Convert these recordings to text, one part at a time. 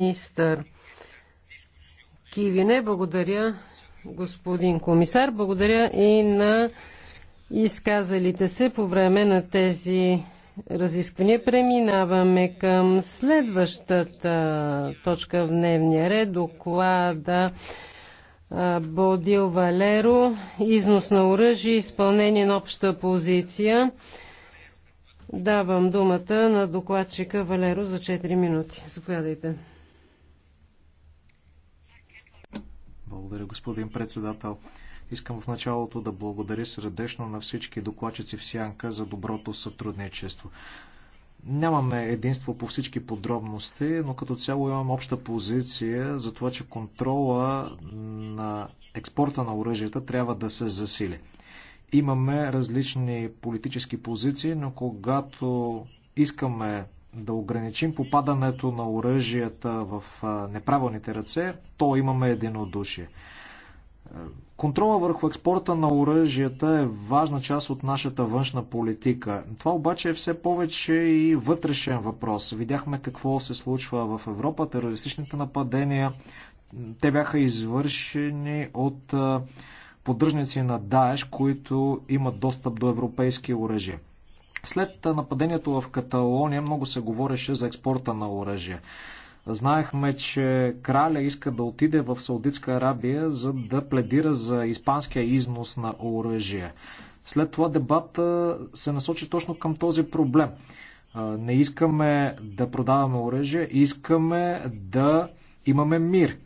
министър Кивине. Благодаря, господин комисар. Благодаря и на изказалите се по време на тези разисквания. Преминаваме към следващата точка в дневния ред. Доклада Бодил Валеро. Износ на оръжие, изпълнение на обща позиция. Давам думата на докладчика Валеро за 4 минути. Заповядайте. Благодаря, господин председател. Искам в началото да благодаря сърдечно на всички докладчици в Сянка за доброто сътрудничество. Нямаме единство по всички подробности, но като цяло имам обща позиция за това, че контрола на експорта на оръжията трябва да се засили. Имаме различни политически позиции, но когато искаме да ограничим попадането на оръжията в неправилните ръце, то имаме единодушие. Е, контрола върху експорта на оръжията е важна част от нашата външна политика. Това обаче е все повече и вътрешен въпрос. Видяхме какво се случва в Европа, терористичните нападения. Те бяха извършени от поддръжници на Даеш, които имат достъп до европейски оръжия. След нападението в Каталония много се говореше за експорта на оръжие. Знаехме, че краля иска да отиде в Саудитска Арабия, за да пледира за испанския износ на оръжие. След това дебата се насочи точно към този проблем. Не искаме да продаваме оръжие, искаме да имаме мир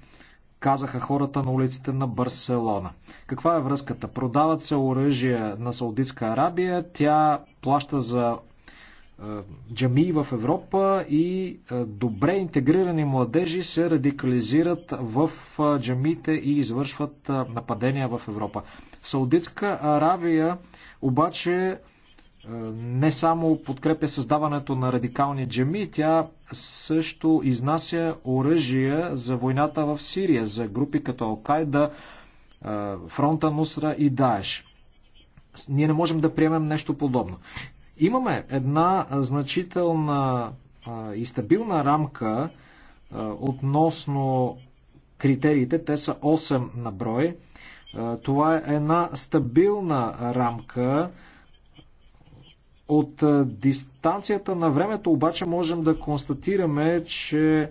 казаха хората на улиците на Барселона. Каква е връзката? Продават се оръжия на Саудитска Арабия, тя плаща за е, джамии в Европа и е, добре интегрирани младежи се радикализират в е, и извършват е, нападения в Европа. Саудитска Аравия обаче е, не само подкрепя създаването на радикални джами, тя също изнася оръжия за войната в Сирия, за групи като Алкайда, е, фронта Нусра и Даеш. Ние не можем да приемем нещо подобно. Имаме една значителна е, и стабилна рамка относно критериите. Те са 8 на брой. Това е една стабилна рамка, от дистанцията на времето обаче можем да констатираме, че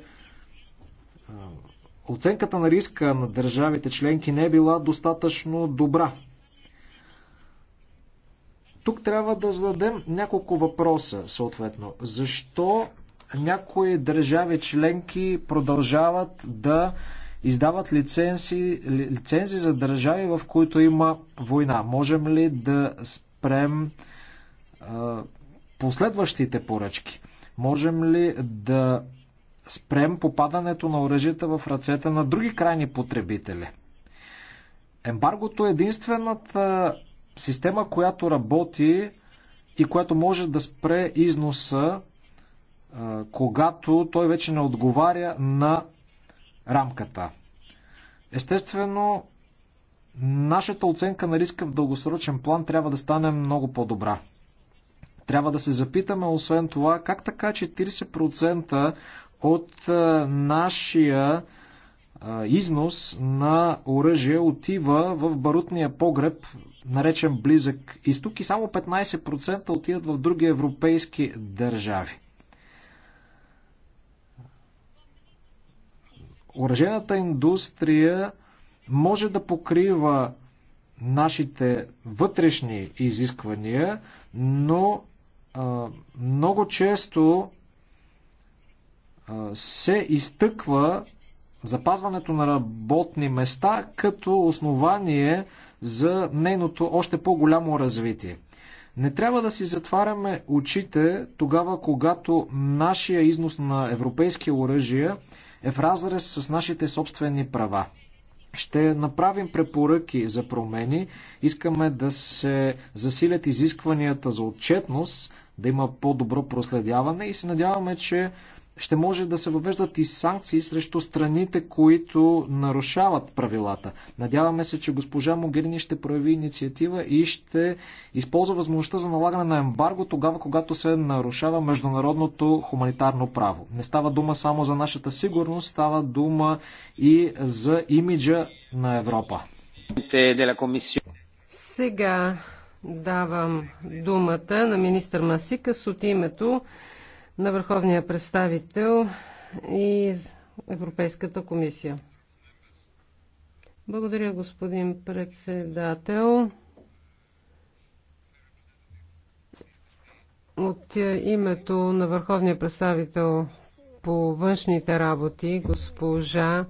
оценката на риска на държавите членки не е била достатъчно добра. Тук трябва да зададем няколко въпроса, съответно. Защо някои държави членки продължават да издават лицензи, лицензи за държави, в които има война? Можем ли да спрем последващите поръчки? Можем ли да спрем попадането на оръжията в ръцете на други крайни потребители? Ембаргото е единствената система, която работи и която може да спре износа, когато той вече не отговаря на рамката. Естествено, нашата оценка на риска в дългосрочен план трябва да стане много по-добра. Трябва да се запитаме, освен това, как така 40% от е, нашия е, износ на оръжие отива в барутния погреб, наречен Близък изток, и само 15% отиват в други европейски държави. Оръжената индустрия може да покрива нашите вътрешни изисквания, но много често се изтъква запазването на работни места като основание за нейното още по-голямо развитие. Не трябва да си затваряме очите тогава, когато нашия износ на европейски оръжия е в разрез с нашите собствени права. Ще направим препоръки за промени. Искаме да се засилят изискванията за отчетност да има по-добро проследяване и се надяваме, че ще може да се въвеждат и санкции срещу страните, които нарушават правилата. Надяваме се, че госпожа Могерини ще прояви инициатива и ще използва възможността за налагане на ембарго тогава, когато се нарушава международното хуманитарно право. Не става дума само за нашата сигурност, става дума и за имиджа на Европа. Сега Давам думата на министър Масикас от името на върховния представител и Европейската комисия. Благодаря, господин председател. От името на върховния представител по външните работи, госпожа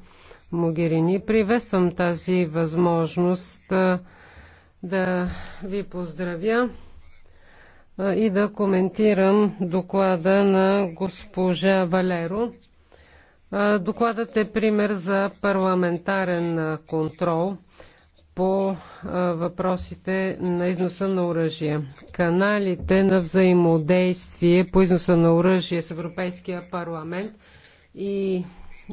Могерини, приветствам тази възможност да ви поздравя и да коментирам доклада на госпожа Валеро. Докладът е пример за парламентарен контрол по въпросите на износа на оръжие. Каналите на взаимодействие по износа на оръжие с Европейския парламент и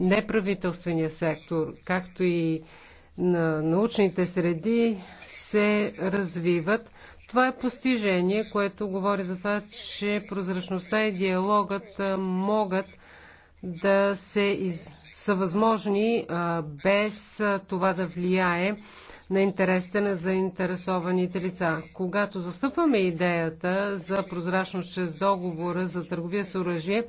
неправителствения сектор, както и на научните среди се развиват. Това е постижение, което говори за това, че прозрачността и диалогът могат да се из... са възможни а, без а, това да влияе на интересите на заинтересованите лица. Когато застъпваме идеята за прозрачност чрез договора за търговия с оръжие,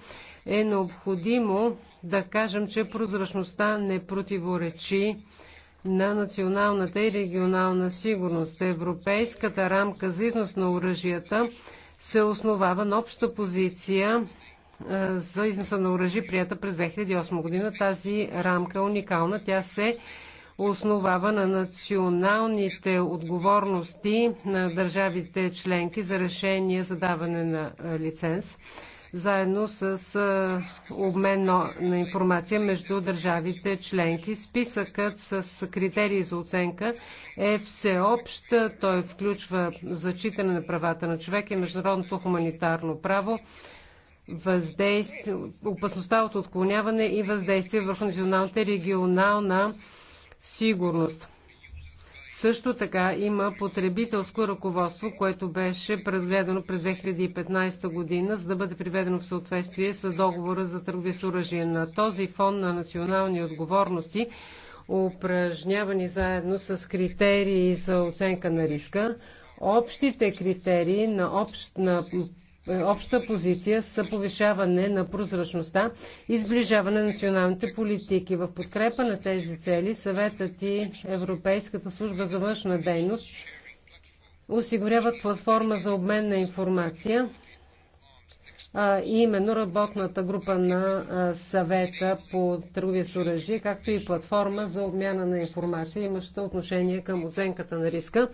е необходимо да кажем, че прозрачността не противоречи на националната и регионална сигурност. Европейската рамка за износ на оръжията се основава на обща позиция за износа на оръжи, прията през 2008 година. Тази рамка е уникална. Тя се основава на националните отговорности на държавите членки за решение за даване на лиценз заедно с обмен на информация между държавите членки. Списъкът с критерии за оценка е всеобщ. Той включва зачитане на правата на човека и международното хуманитарно право, въздействие, опасността от отклоняване и въздействие върху националната и регионална сигурност. Също така има потребителско ръководство, което беше разгледано през 2015 година, за да бъде приведено в съответствие с договора за търговия с оръжие. На този фон на национални отговорности, упражнявани заедно с критерии за оценка на риска, общите критерии на, общ, на обща позиция са повишаване на прозрачността и сближаване на националните политики. В подкрепа на тези цели съветът и Европейската служба за външна дейност осигуряват платформа за обмен на информация и именно работната група на съвета по търговия с оръжие, както и платформа за обмяна на информация, имаща отношение към оценката на риска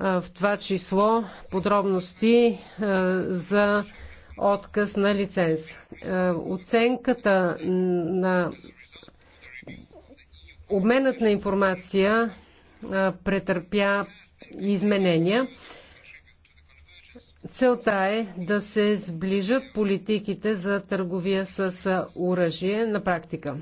в това число подробности за отказ на лиценз. Оценката на обменът на информация претърпя изменения. Целта е да се сближат политиките за търговия с оръжие на практика.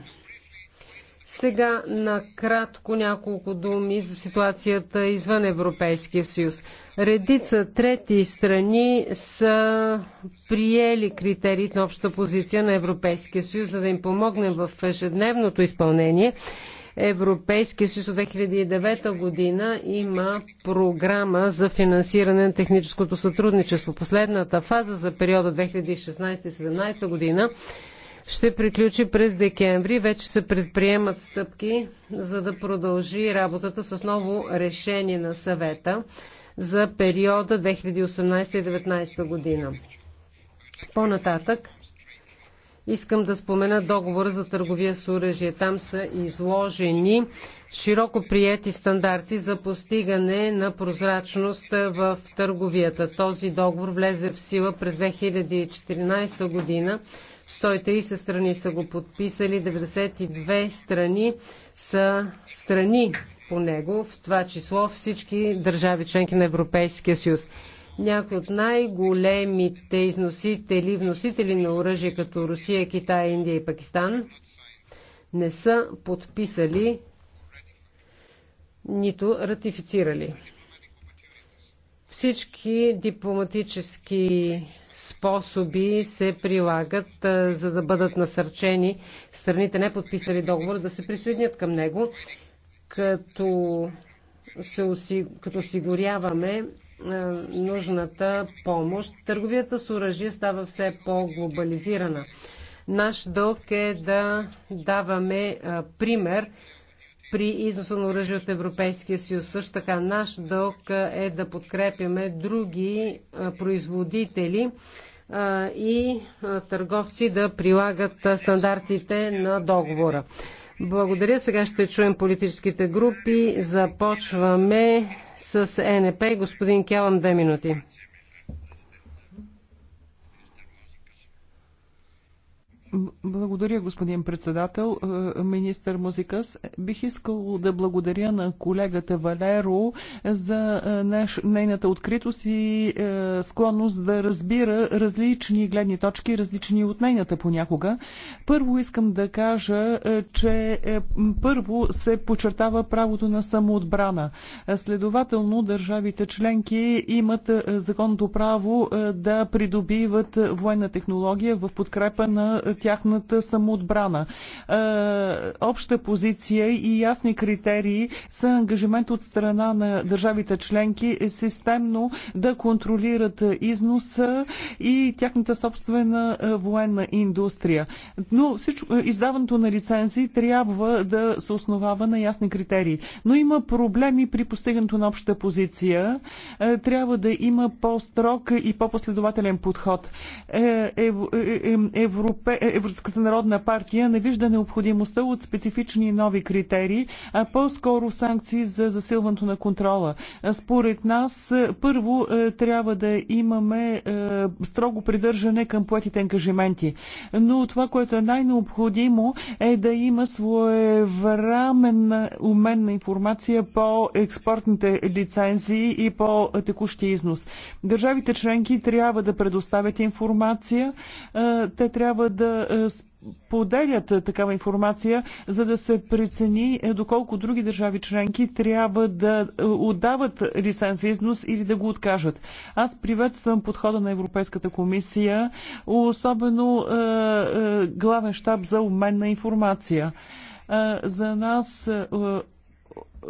Сега накратко няколко думи за ситуацията извън Европейския съюз. Редица трети страни са приели критериите на обща позиция на Европейския съюз, за да им помогнем в ежедневното изпълнение. Европейския съюз от 2009 година има програма за финансиране на техническото сътрудничество. Последната фаза за периода 2016-2017 година ще приключи през декември. Вече се предприемат стъпки, за да продължи работата с ново решение на съвета за периода 2018-2019 година. По-нататък искам да спомена договора за търговия с оръжие. Там са изложени широко приети стандарти за постигане на прозрачност в търговията. Този договор влезе в сила през 2014 година 130 страни са го подписали, 92 страни са страни по него, в това число всички държави членки на Европейския съюз. Някои от най-големите износители, вносители на оръжие, като Русия, Китай, Индия и Пакистан, не са подписали нито ратифицирали. Всички дипломатически способи се прилагат, за да бъдат насърчени страните, не подписали договор, да се присъединят към него, като, се оси... като осигуряваме нужната помощ. Търговията с оръжие става все по-глобализирана. Наш дълг е да даваме пример при износа на оръжие от Европейския съюз. Също така наш дълг е да подкрепяме други производители и търговци да прилагат стандартите на договора. Благодаря. Сега ще чуем политическите групи. Започваме с НП. Господин Кялам, две минути. Благодаря, господин председател. Е, министър Музикас, бих искал да благодаря на колегата Валеро за е, наш, нейната откритост и е, склонност да разбира различни гледни точки, различни от нейната понякога. Първо искам да кажа, е, че е, първо се подчертава правото на самоотбрана. Следователно, държавите членки имат законното право да придобиват военна технология в подкрепа на тяхната самоотбрана. Е, обща позиция и ясни критерии са ангажимент от страна на държавите членки системно да контролират износа и тяхната собствена е, военна индустрия. Но всичко, е, издаването на лицензии трябва да се основава на ясни критерии. Но има проблеми при постигането на обща позиция. Трябва да има по-строг и по-последователен подход. Европе... Европейската народна партия не вижда необходимостта от специфични нови критерии, а по-скоро санкции за засилването на контрола. Според нас, първо е, трябва да имаме е, строго придържане към поетите ангажименти. Но това, което е най-необходимо, е да има своевременна умен на информация по експортните лицензии и по текущия износ. Държавите членки трябва да предоставят информация, е, те трябва да е, е, поделят е, такава информация, за да се прецени доколко други държави членки трябва да отдават лиценз износ или да го откажат. Аз приветствам подхода на Европейската комисия, особено главен щаб за обмен на информация. За нас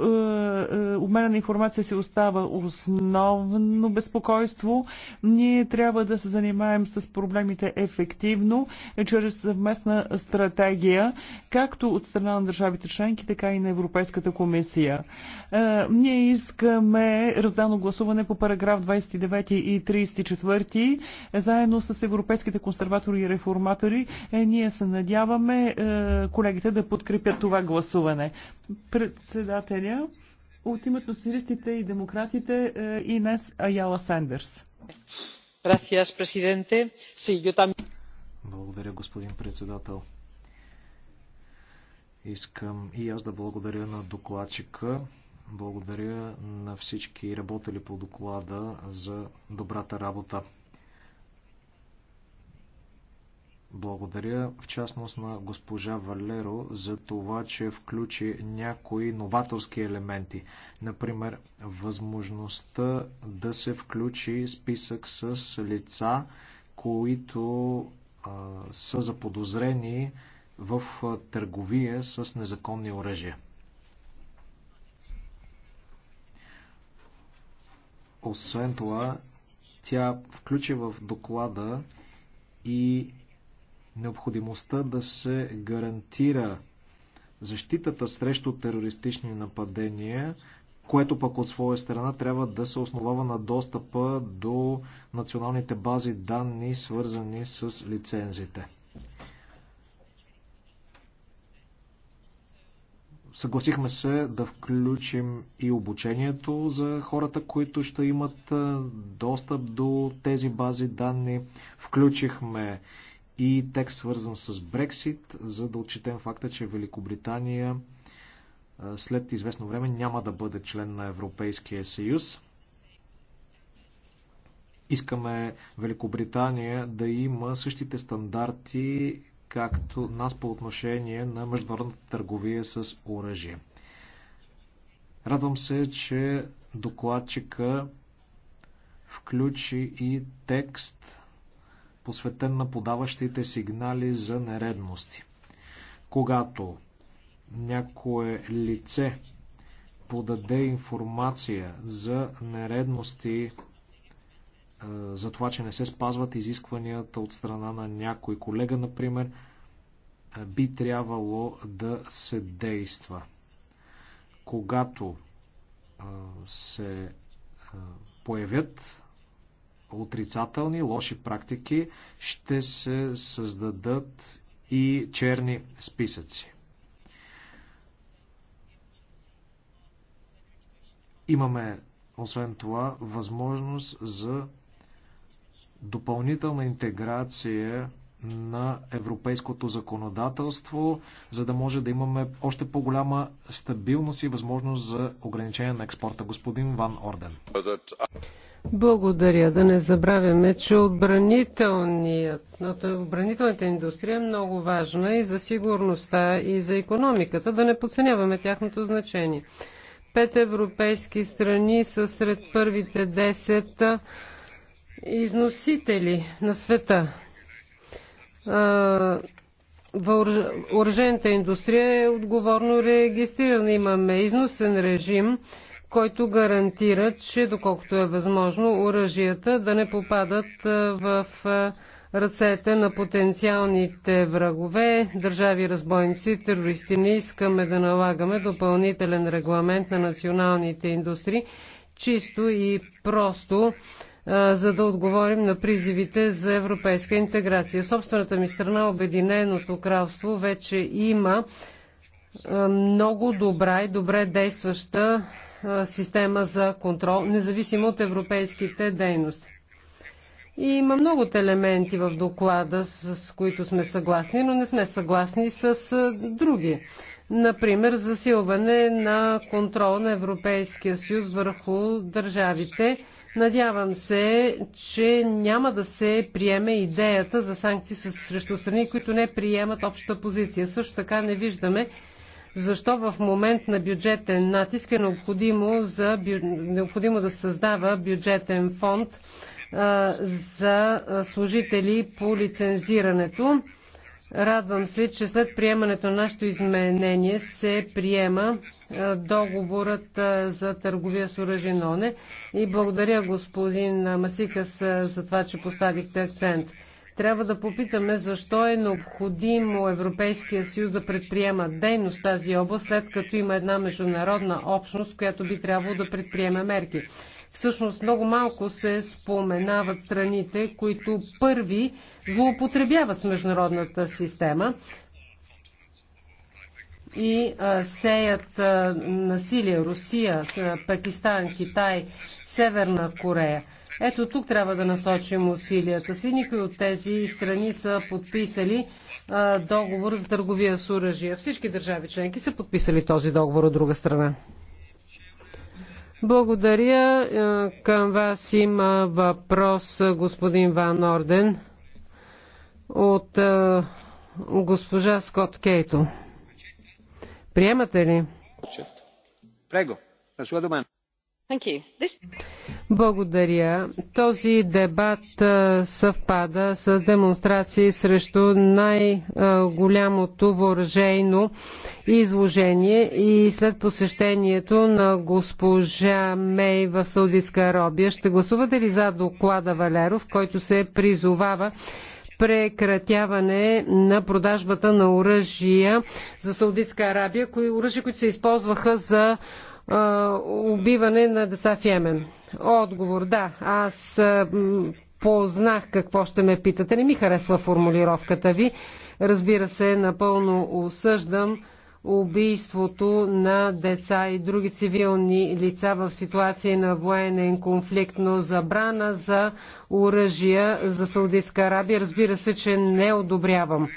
е, е, обмена на информация си остава основно безпокойство. Ние трябва да се занимаем с проблемите ефективно, е, чрез съвместна стратегия, както от страна на държавите членки, така и на Европейската комисия. Ние искаме раздано гласуване по параграф 29 и 34, заедно с европейските консерватори и реформатори. Ние се надяваме колегите да подкрепят това гласуване. Председателя благодаря. От името социалистите и демократите е, Инес Аяла Сендерс. Благодаря, господин председател. Искам и аз да благодаря на докладчика. Благодаря на всички работели по доклада за добрата работа. Благодаря в частност на госпожа Валеро за това, че включи някои новаторски елементи. Например, възможността да се включи списък с лица, които а, са заподозрени в търговия с незаконни оръжия. Освен това, тя включи в доклада и необходимостта да се гарантира защитата срещу терористични нападения, което пък от своя страна трябва да се основава на достъпа до националните бази данни, свързани с лицензите. Съгласихме се да включим и обучението за хората, които ще имат достъп до тези бази данни. Включихме и текст свързан с Брексит, за да отчетем факта, че Великобритания след известно време няма да бъде член на Европейския съюз. Искаме Великобритания да има същите стандарти, както нас по отношение на международната търговия с оръжие. Радвам се, че докладчика включи и текст посветен на подаващите сигнали за нередности. Когато някое лице подаде информация за нередности, за това, че не се спазват изискванията от страна на някой колега, например, би трябвало да се действа. Когато се появят отрицателни, лоши практики, ще се създадат и черни списъци. Имаме, освен това, възможност за допълнителна интеграция на европейското законодателство, за да може да имаме още по-голяма стабилност и възможност за ограничение на експорта. Господин Ван Орден. Благодаря. Да не забравяме, че отбранителната индустрия е много важна и за сигурността, и за економиката. Да не подценяваме тяхното значение. Пет европейски страни са сред първите 10 износители на света. Въоръжената индустрия е отговорно регистрирана. Имаме износен режим, който гарантира, че доколкото е възможно, оръжията да не попадат в ръцете на потенциалните врагове, държави разбойници, терористи. Не искаме да налагаме допълнителен регламент на националните индустрии, чисто и просто за да отговорим на призивите за европейска интеграция. Собствената ми страна, Обединеното кралство, вече има много добра и добре действаща система за контрол, независимо от европейските дейности. И има много елементи в доклада, с които сме съгласни, но не сме съгласни с други. Например, засилване на контрол на Европейския съюз върху държавите, Надявам се, че няма да се приеме идеята за санкции срещу страни, които не приемат обща позиция. Също така не виждаме защо в момент на бюджетен натиск е необходимо, за, необходимо да създава бюджетен фонд а, за служители по лицензирането. Радвам се, че след приемането на нашето изменение се приема договорът за търговия с оръжие на ОНЕ и благодаря господин Масикас за това, че поставихте акцент. Трябва да попитаме защо е необходимо Европейския съюз да предприема дейност в тази област, след като има една международна общност, която би трябвало да предприеме мерки. Всъщност много малко се споменават страните, които първи злоупотребяват с международната система и а, сеят а, насилие Русия, Пакистан, Китай, Северна Корея. Ето тук трябва да насочим усилията си. Никой от тези страни са подписали а, договор за търговия с оръжие. Всички държави членки са подписали този договор от друга страна. Благодаря. Е, към вас има въпрос е, господин Ван Орден от е, госпожа Скот Кейто. Приемате ли? Прего, на благодаря. Този дебат съвпада с демонстрации срещу най-голямото въоръжейно изложение и след посещението на госпожа Мей в Саудитска Аробия. Ще гласувате ли за доклада Валеров, който се призовава прекратяване на продажбата на оръжия за Саудитска Арабия, кои оръжия, които се използваха за убиване на деца в Йемен? Отговор да. Аз познах какво ще ме питате. Не ми харесва формулировката ви. Разбира се, напълно осъждам убийството на деца и други цивилни лица в ситуации на военен конфликт, но забрана за оръжия за Саудитска Арабия, разбира се, че не одобрявам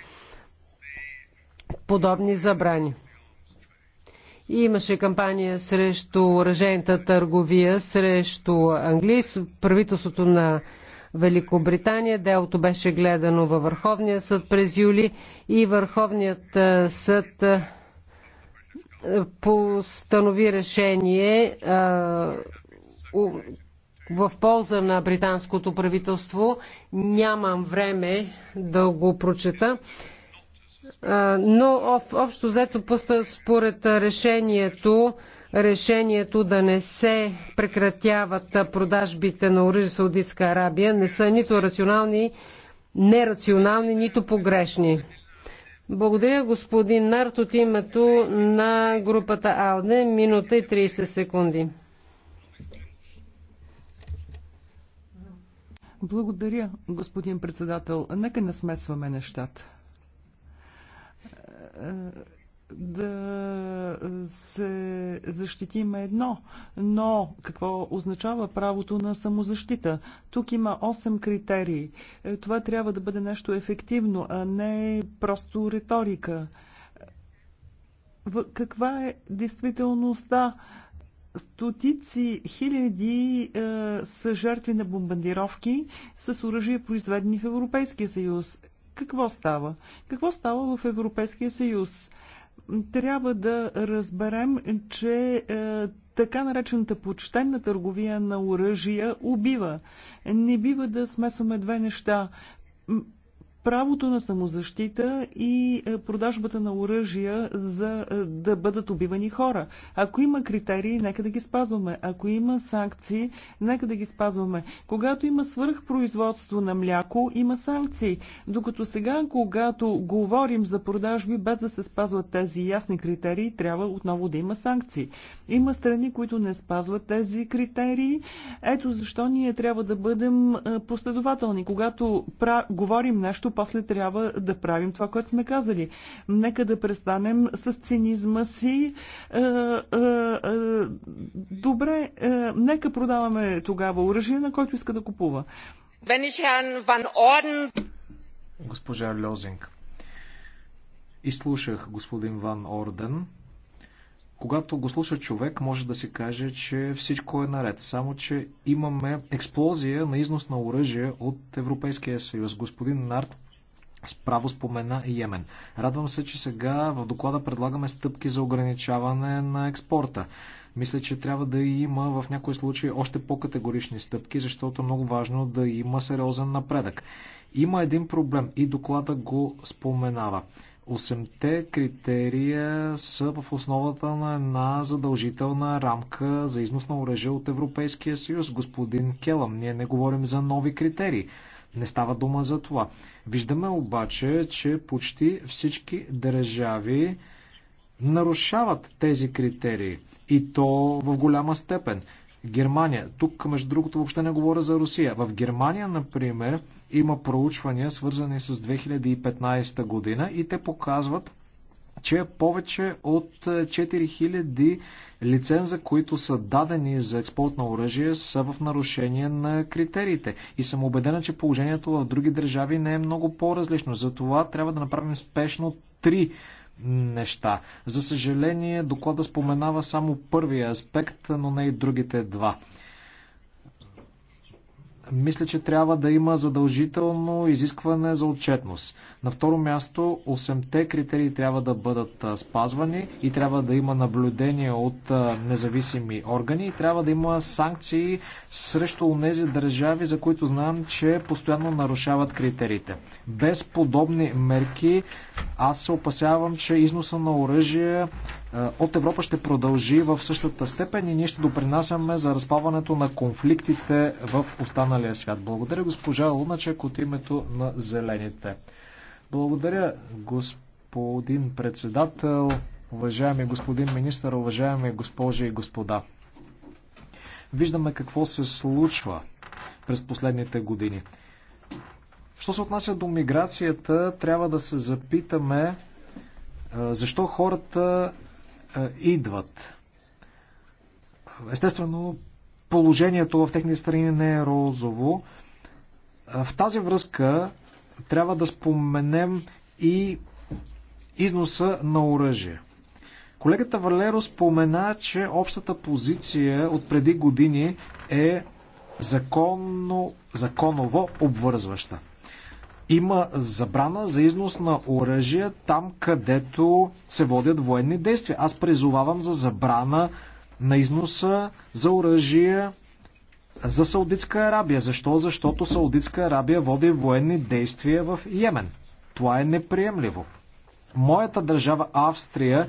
подобни забрани. Имаше кампания срещу оръжейната търговия, срещу Англия, правителството на Великобритания. Делото беше гледано във Върховния съд през юли и Върховният съд постанови решение в полза на британското правителство. Нямам време да го прочета но общо взето според решението, решението да не се прекратяват продажбите на оръжие Саудитска Арабия не са нито рационални, нерационални, нито погрешни. Благодаря господин Нарт от името на групата АЛДЕ. Минута и 30 секунди. Благодаря, господин председател. Нека не смесваме нещата да се защитим едно, но какво означава правото на самозащита? Тук има 8 критерии. Е, това трябва да бъде нещо ефективно, а не просто риторика. Каква е действителността? Стотици хиляди е, са жертви на бомбардировки с оръжие, произведени в Европейския съюз. Какво става? Какво става в Европейския съюз? Трябва да разберем, че е, така наречената почтенна търговия на оръжия убива. Не бива да смесваме две неща правото на самозащита и е, продажбата на оръжия за е, да бъдат убивани хора. Ако има критерии, нека да ги спазваме. Ако има санкции, нека да ги спазваме. Когато има свърхпроизводство на мляко, има санкции. Докато сега, когато говорим за продажби без да се спазват тези ясни критерии, трябва отново да има санкции. Има страни, които не спазват тези критерии. Ето защо ние трябва да бъдем е, последователни. Когато пра... говорим нещо, после трябва да правим това, което сме казали. Нека да престанем с цинизма си. Е, е, е, добре, нека продаваме тогава оръжие, на който иска да купува. Госпожа Льозинг. Изслушах господин Ван Орден. Когато го слуша човек, може да се каже, че всичко е наред. Само, че имаме експлозия на износ на оръжие от Европейския съюз. Господин Нарт справо спомена и Йемен. Радвам се, че сега в доклада предлагаме стъпки за ограничаване на експорта. Мисля, че трябва да има в някои случаи още по-категорични стъпки, защото е много важно да има сериозен напредък. Има един проблем и доклада го споменава. Осемте критерия са в основата на една задължителна рамка за износ на оръжие от Европейския съюз. Господин Келам, ние не говорим за нови критерии. Не става дума за това. Виждаме обаче, че почти всички държави нарушават тези критерии. И то в голяма степен. Германия. Тук, между другото, въобще не говоря за Русия. В Германия, например, има проучвания, свързани с 2015 година и те показват, че повече от 4000 лиценза, които са дадени за експорт на оръжие, са в нарушение на критериите. И съм убедена, че положението в други държави не е много по-различно. Затова трябва да направим спешно три неща. За съжаление, доклада споменава само първия аспект, но не и другите два мисля, че трябва да има задължително изискване за отчетност. На второ място, 8-те критерии трябва да бъдат спазвани и трябва да има наблюдение от независими органи и трябва да има санкции срещу тези държави, за които знам, че постоянно нарушават критериите. Без подобни мерки аз се опасявам, че износа на оръжие е, от Европа ще продължи в същата степен и ние ще допринасяме за разпаването на конфликтите в останалия свят. Благодаря госпожа Луначек от името на Зелените. Благодаря господин председател, уважаеми господин министър, уважаеми госпожи и господа. Виждаме какво се случва през последните години. Що се отнася до миграцията, трябва да се запитаме е, защо хората е, идват. Естествено, положението в техните страни не е розово. В тази връзка трябва да споменем и износа на оръжие. Колегата Валеро спомена, че общата позиция от преди години е законно, законово обвързваща. Има забрана за износ на оръжия там, където се водят военни действия. Аз призовавам за забрана на износа за оръжия за Саудитска Арабия. Защо? Защото Саудитска Арабия води военни действия в Йемен. Това е неприемливо. Моята държава Австрия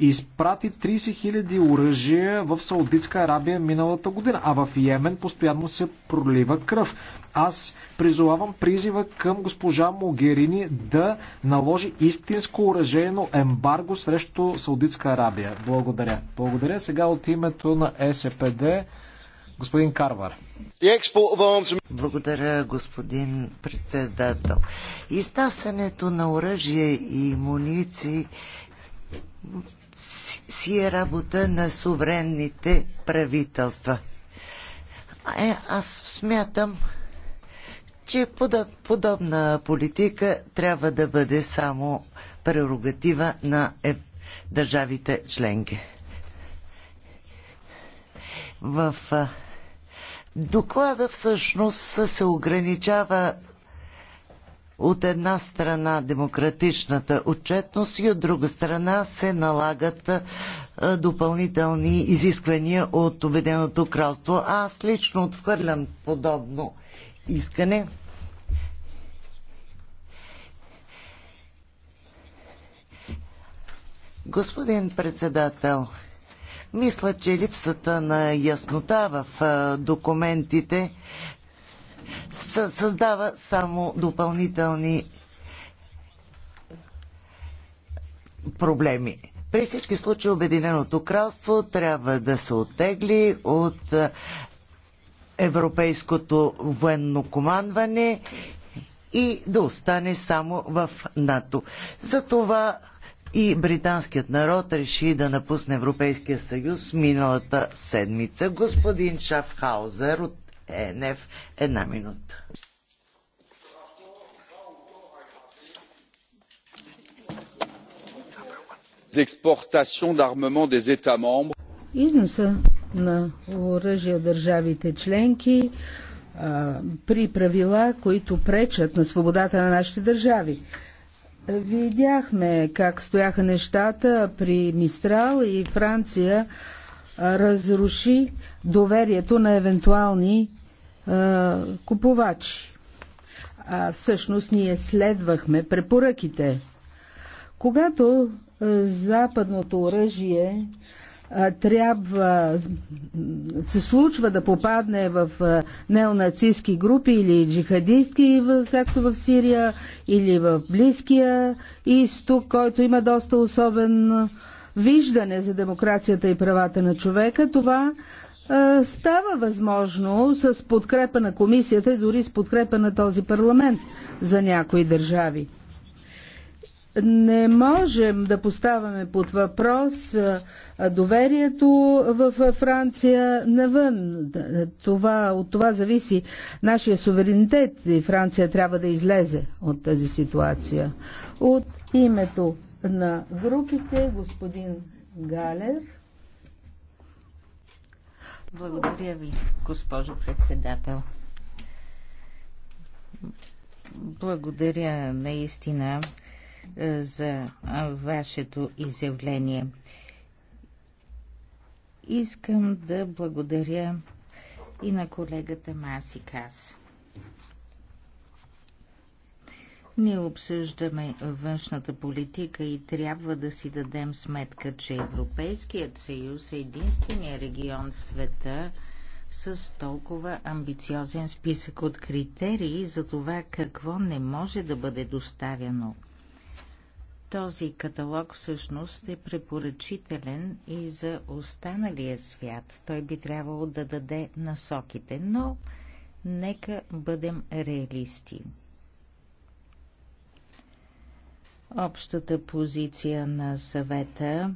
изпрати 30 000 оръжия в Саудитска Арабия миналата година, а в Йемен постоянно се пролива кръв. Аз призовавам призива към госпожа Могерини да наложи истинско уражено ембарго срещу Саудитска Арабия. Благодаря. Благодаря сега от името на СПД. Господин Карвар. Благодаря, господин председател. Изтасането на оръжие и муниции си е работа на суверенните правителства. Е, аз смятам, че подобна политика трябва да бъде само прерогатива на държавите членки. В доклада всъщност се ограничава от една страна демократичната отчетност и от друга страна се налагат допълнителни изисквания от Обеденото кралство. Аз лично отхвърлям подобно искане. Господин председател, мисля, че липсата на яснота в документите създава само допълнителни проблеми. При всички случаи Обединеното кралство трябва да се оттегли от Европейското военно командване и да остане само в НАТО. Затова и британският народ реши да напусне Европейския съюз миналата седмица. Господин Шафхаузер от ЕНФ, една минута. Износа на оръжия държавите членки а, при правила, които пречат на свободата на нашите държави. Видяхме как стояха нещата при Мистрал и Франция разруши доверието на евентуални а, купувачи. А всъщност ние следвахме препоръките. Когато западното оръжие трябва, се случва да попадне в неонацистски групи или джихадистки, както в Сирия, или в Близкия изток, който има доста особен виждане за демокрацията и правата на човека, това става възможно с подкрепа на комисията и дори с подкрепа на този парламент за някои държави. Не можем да поставяме под въпрос доверието в Франция навън. Това, от това зависи нашия суверенитет и Франция трябва да излезе от тази ситуация. От името на групите господин Галер. Благодаря ви, госпожо председател. Благодаря наистина е, за вашето изявление. Искам да благодаря и на колегата Масикас. Ние обсъждаме външната политика и трябва да си дадем сметка, че Европейският съюз е единствения регион в света с толкова амбициозен списък от критерии за това какво не може да бъде доставяно. Този каталог всъщност е препоръчителен и за останалия свят. Той би трябвало да даде насоките, но нека бъдем реалисти. Общата позиция на съвета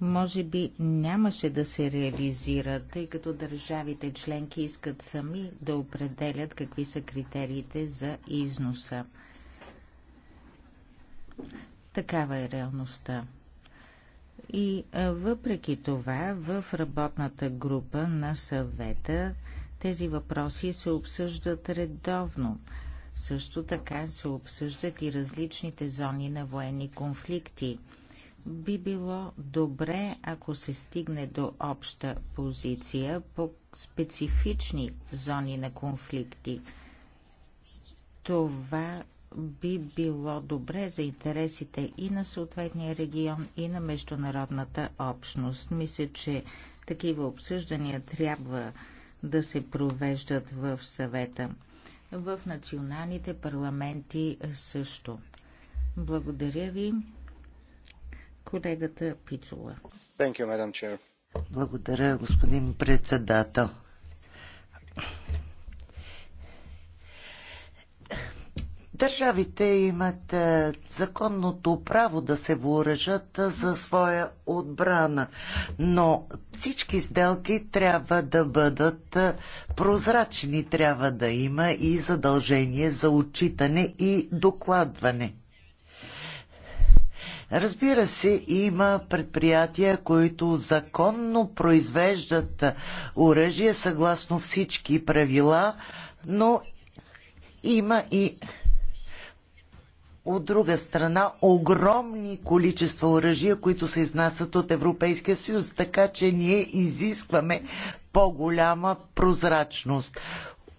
може би нямаше да се реализира, тъй като държавите членки искат сами да определят какви са критериите за износа. Такава е реалността. И въпреки това, в работната група на съвета тези въпроси се обсъждат редовно. Също така се обсъждат и различните зони на военни конфликти. Би било добре, ако се стигне до обща позиция по специфични зони на конфликти. Това би било добре за интересите и на съответния регион, и на международната общност. Мисля, че такива обсъждания трябва да се провеждат в съвета. В националните парламенти също. Благодаря ви, колегата Пицула. Благодаря, господин председател. Държавите имат е, законното право да се въоръжат е, за своя отбрана, но всички сделки трябва да бъдат е, прозрачни, трябва да има и задължение за отчитане и докладване. Разбира се, има предприятия, които законно произвеждат оръжие съгласно всички правила, но има и от друга страна огромни количества оръжия, които се изнасят от Европейския съюз, така че ние изискваме по-голяма прозрачност.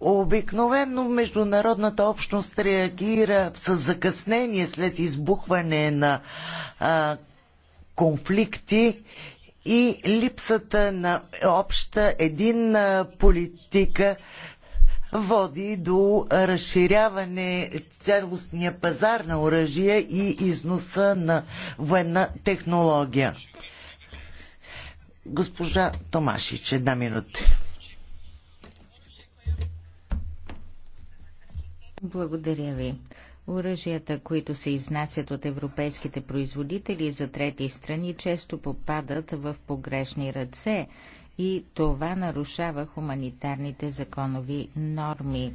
Обикновено международната общност реагира с закъснение след избухване на а, конфликти и липсата на обща един политика води до разширяване цялостния пазар на оръжия и износа на военна технология. Госпожа Томашич, една минута. Благодаря ви. Оръжията, които се изнасят от европейските производители за трети страни, често попадат в погрешни ръце и това нарушава хуманитарните законови норми.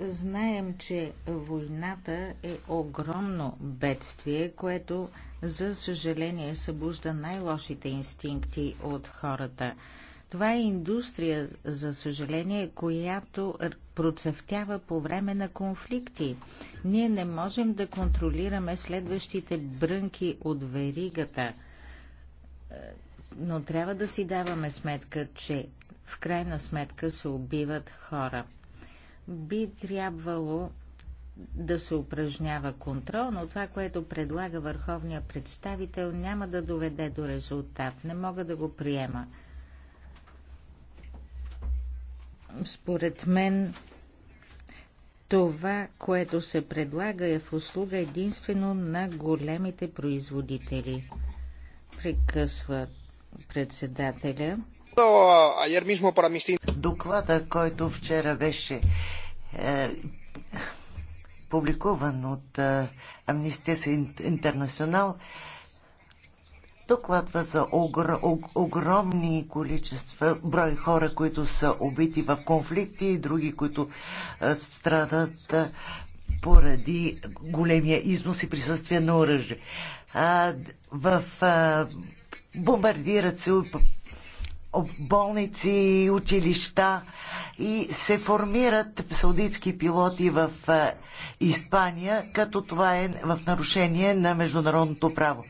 Знаем, че войната е огромно бедствие, което за съжаление събужда най-лошите инстинкти от хората. Това е индустрия, за съжаление, която процъфтява по време на конфликти. Ние не можем да контролираме следващите брънки от веригата. Е, но трябва да си даваме сметка, че в крайна сметка се убиват хора. Би трябвало да се упражнява контрол, но това, което предлага върховния представител, няма да доведе до резултат. Не мога да го приема. Според мен, това, което се предлага, е в услуга единствено на големите производители. Прекъсват Председателя. Доклада, който вчера беше е, публикуван от е, Интернационал, докладва за огр... огромни количества брой хора, които са убити в конфликти и други, които е, страдат е, поради големия износ и присъствие на оръжие. в е, бомбардират се болници, училища и се формират саудитски пилоти в Испания, като това е в нарушение на международното право.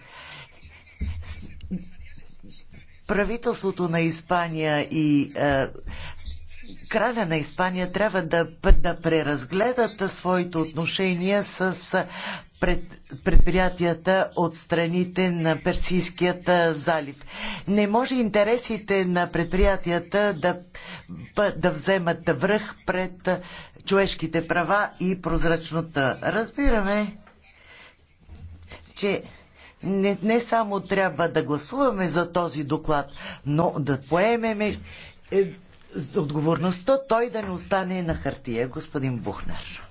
Правителството на Испания и краля на Испания трябва да, да преразгледат своите отношения с пред, предприятията от страните на Персийският залив. Не може интересите на предприятията да, да вземат връх пред човешките права и прозрачността. Разбираме, че не, не само трябва да гласуваме за този доклад, но да поемеме е, за отговорността той да не остане на хартия, господин Бухнер.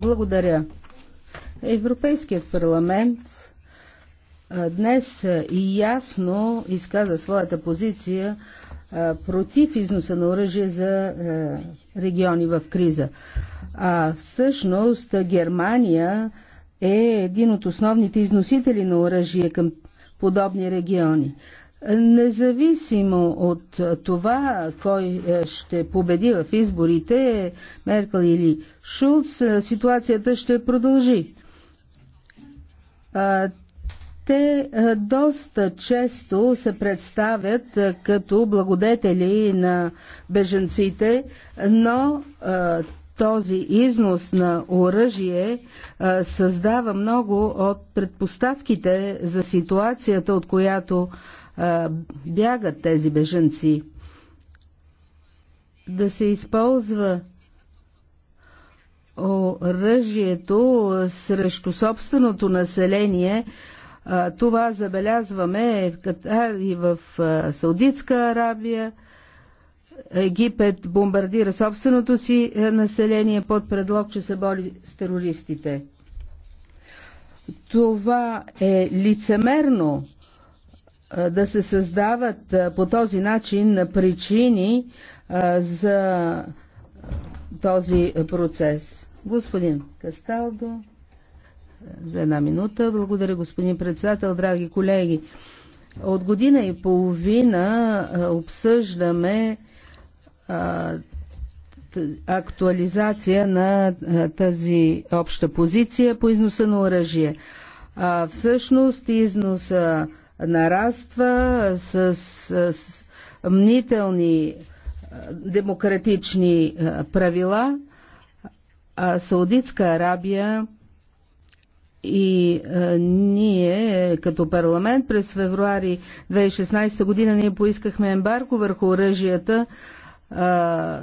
Благодаря. Европейският парламент днес ясно изказа своята позиция против износа на оръжие за региони в криза. А всъщност Германия е един от основните износители на оръжие към подобни региони. Независимо от това, кой е, ще победи в изборите, Меркъл или Шулц, е, ситуацията ще продължи. Те е, доста често се представят като благодетели на беженците, но този износ на оръжие създава много от предпоставките за ситуацията, от която бягат тези бежанци. Да се използва оръжието срещу собственото население, това забелязваме и в Саудитска Арабия. Египет бомбардира собственото си население под предлог, че се бори с терористите. Това е лицемерно да се създават по този начин причини за този процес. Господин Касталдо, за една минута. Благодаря, господин председател, драги колеги. От година и половина обсъждаме актуализация на тази обща позиция по износа на оръжие. Всъщност износа нараства с, с, с мнителни демократични правила, а Саудитска Арабия и а, ние като парламент през февруари 2016 година ние поискахме ембарго върху оръжията а,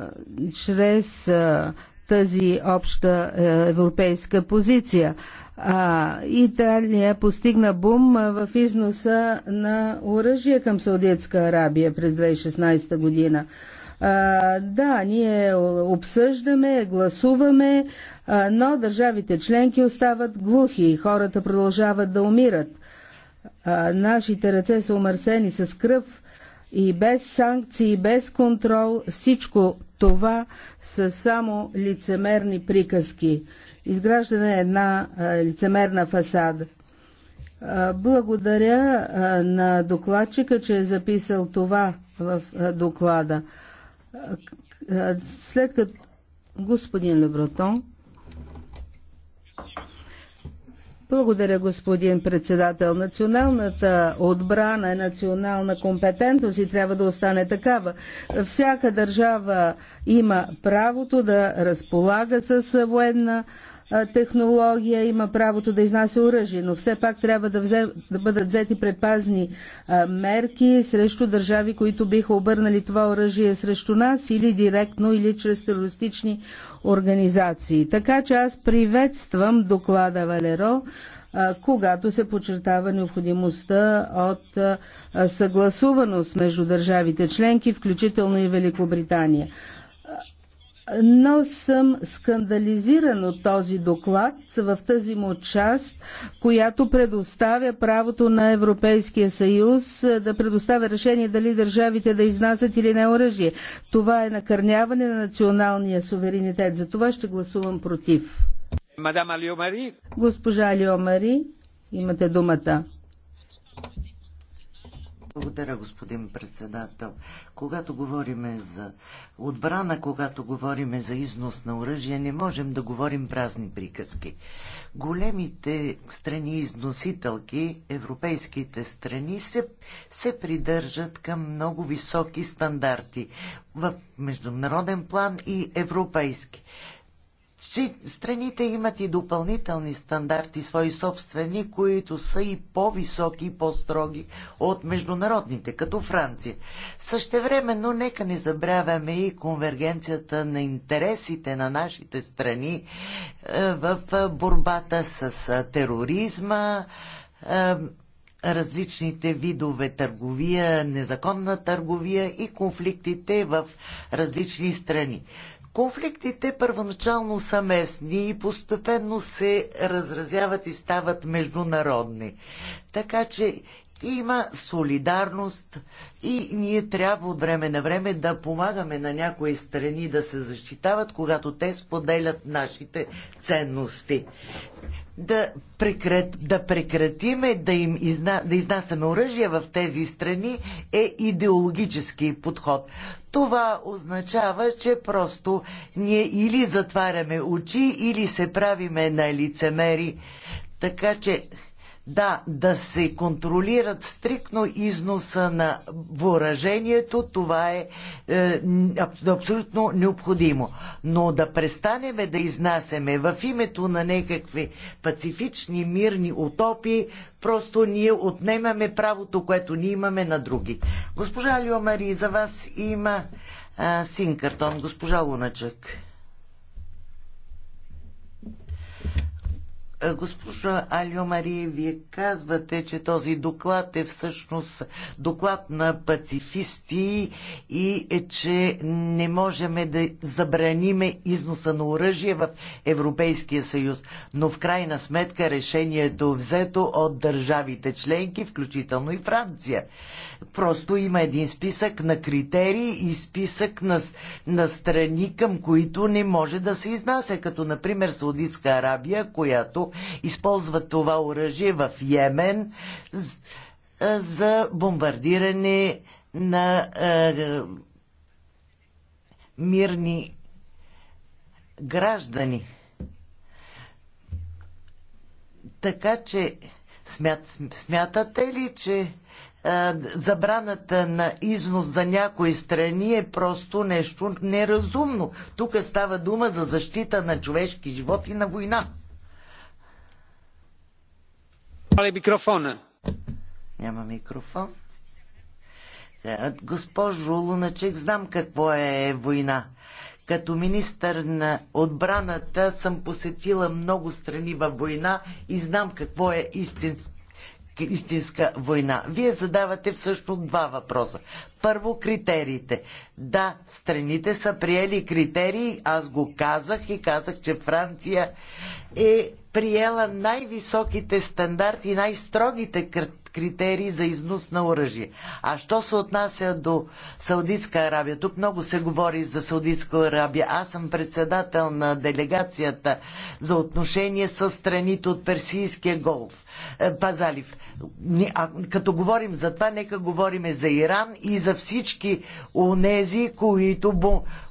чрез а, тази обща е, европейска позиция. А, Италия постигна бум в износа на оръжие към Саудитска Арабия през 2016 година. А, да, ние обсъждаме, гласуваме, а, но държавите членки остават глухи и хората продължават да умират. А, нашите ръце са умърсени с кръв и без санкции, без контрол всичко това са само лицемерни приказки. Изграждане е една лицемерна фасада. Благодаря на докладчика, че е записал това в доклада. След като господин Лебротон Благодаря, господин председател. Националната отбрана е национална компетентност и трябва да остане такава. Всяка държава има правото да разполага с военна технология има правото да изнася оръжие, но все пак трябва да, взе, да бъдат взети предпазни мерки срещу държави, които биха обърнали това оръжие срещу нас или директно, или чрез терористични организации. Така че аз приветствам доклада Валеро, когато се подчертава необходимостта от съгласуваност между държавите членки, включително и Великобритания но съм скандализиран от този доклад в тази му част, която предоставя правото на Европейския съюз е, да предоставя решение дали държавите да изнасят или не оръжие. Това е накърняване на националния суверенитет. За това ще гласувам против. Госпожа Алиомари, имате думата. Благодаря, господин председател. Когато говорим за отбрана, когато говориме за износ на оръжие, не можем да говорим празни приказки. Големите страни износителки, европейските страни, се, се придържат към много високи стандарти в международен план и европейски че страните имат и допълнителни стандарти, свои собствени, които са и по-високи и по-строги от международните, като Франция. Същевременно, нека не забравяме и конвергенцията на интересите на нашите страни е, в е, борбата с е, тероризма, различните видове търговия, незаконна търговия и конфликтите в различни страни. Конфликтите първоначално са местни и постепенно се разразяват и стават международни. Така че има солидарност и ние трябва от време на време да помагаме на някои страни да се защитават, когато те споделят нашите ценности да, прекрат, да прекратиме да, им изна, да изнасяме оръжия в тези страни е идеологически подход. Това означава, че просто ние или затваряме очи, или се правиме на лицемери. Така че да, да се контролират стрикно износа на въоръжението, това е, е абсолютно необходимо. Но да престанеме да изнасяме в името на някакви пацифични, мирни утопии, просто ние отнемаме правото, което ние имаме на други. Госпожа Лио Мари, за вас има а, син картон, госпожа Луначък. Е, госпожа Алио Мария, вие казвате, че този доклад е всъщност доклад на пацифисти и е, че не можем да забраниме износа на оръжие в Европейския съюз. Но в крайна сметка решението е взето от държавите членки, включително и Франция. Просто има един списък на критерии и списък на, на страни, към които не може да се изнася, като например Саудитска Арабия, която използват това оръжие в Йемен за бомбардиране на мирни граждани. Така че смят, смятате ли, че а, забраната на износ за някои страни е просто нещо неразумно? Тук става дума за защита на човешки живот и на война. Няма микрофон. Е, госпожо Луначек, знам какво е война. Като министър на отбраната съм посетила много страни във война и знам какво е истинска, истинска война. Вие задавате всъщност два въпроса. Първо, критериите. Да, страните са приели критерии, аз го казах и казах, че Франция е приела най-високите стандарти, най-строгите критерии за износ на оръжие. А що се отнася до Саудитска Арабия? Тук много се говори за Саудитска Арабия. Аз съм председател на делегацията за отношение с страните от Персийския голф, е, Пазалив. А, като говорим за това, нека говорим за Иран и за всички унези, които